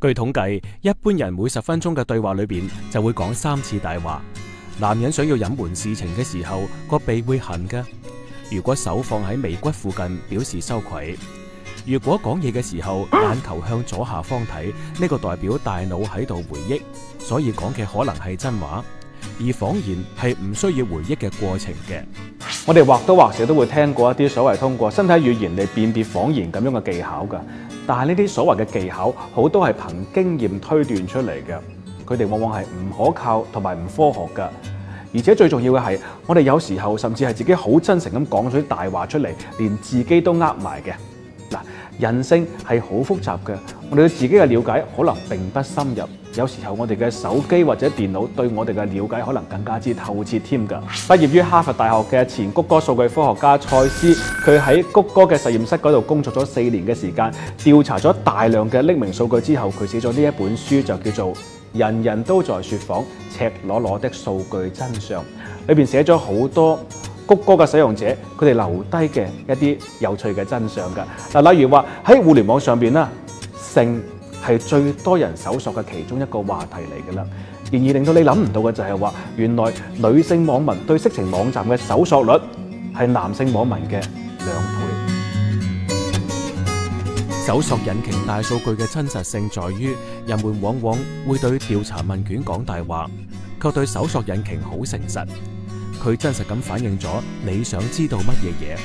據統計，一般人每十分鐘嘅對話裏邊就會講三次大話。男人想要隱瞞事情嘅時候，個鼻會痕㗎。如果手放喺眉骨附近，表示羞愧。如果講嘢嘅時候，眼球向左下方睇，呢個代表大腦喺度回憶，所以講嘅可能係真話，而謊言係唔需要回憶嘅過程嘅。我哋或多或少都會聽過一啲所謂通過身體語言嚟辨別謊言咁樣嘅技巧㗎，但係呢啲所謂嘅技巧好多係憑經驗推斷出嚟嘅，佢哋往往係唔可靠同埋唔科學㗎，而且最重要嘅係，我哋有時候甚至係自己好真誠咁講咗啲大話出嚟，連自己都呃埋嘅。人性係好複雜嘅，我哋對自己嘅了解可能並不深入，有時候我哋嘅手機或者電腦對我哋嘅了解可能更加之透徹添㗎。畢業於哈佛大學嘅前谷歌數據科學家蔡斯，佢喺谷歌嘅實驗室嗰度工作咗四年嘅時間，調查咗大量嘅匿名數據之後，佢寫咗呢一本書就叫做《人人都在説謊：赤裸裸的數據真相》，裏面寫咗好多。谷歌嘅使用者佢哋留低嘅一啲有趣嘅真相噶嗱，例如話喺互聯網上邊啦，性係最多人搜索嘅其中一個話題嚟嘅啦。然而令到你諗唔到嘅就係話，原來女性網民對色情網站嘅搜索率係男性網民嘅兩倍。搜索引擎大數據嘅真實性在於，人們往往會對調查問卷講大話，卻對搜索引擎好誠實。佢真實咁反映咗你想知道乜嘢嘢，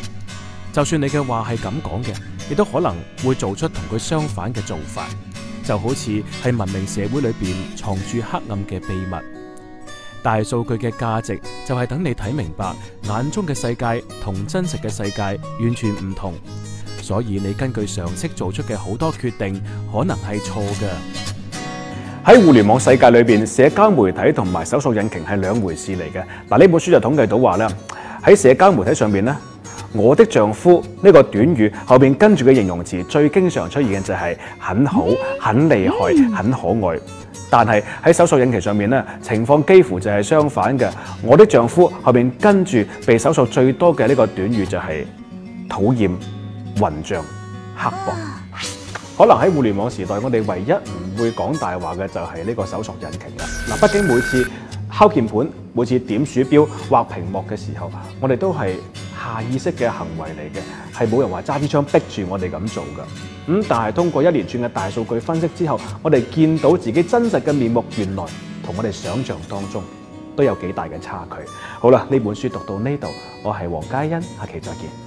就算你嘅話係咁講嘅，亦都可能會做出同佢相反嘅做法，就好似係文明社會裏邊藏住黑暗嘅秘密。大數據嘅價值就係等你睇明白眼中嘅世界同真實嘅世界完全唔同，所以你根據常識做出嘅好多決定可能係錯嘅。喺互聯網世界裏邊，社交媒體同埋搜索引擎係兩回事嚟嘅。嗱，呢本書就統計到話咧，喺社交媒體上面咧，我的丈夫呢個短語後邊跟住嘅形容詞最經常出現嘅就係很好、很厲害、很可愛。但係喺搜索引擎上面咧，情況幾乎就係相反嘅。我的丈夫後邊跟住被搜索最多嘅呢個短語就係、是、討厭、混賬、刻薄。可能喺互聯網時代，我哋唯一。會講大話嘅就係呢個搜索引擎啦。嗱，畢竟每次敲鍵盤、每次點鼠標、劃屏幕嘅時候，我哋都係下意識嘅行為嚟嘅，係冇人話揸支槍逼住我哋咁做㗎。咁但係通過一連串嘅大數據分析之後，我哋見到自己真實嘅面目，原來同我哋想象當中都有幾大嘅差距。好啦，呢本書讀到呢度，我係黃嘉欣，下期再見。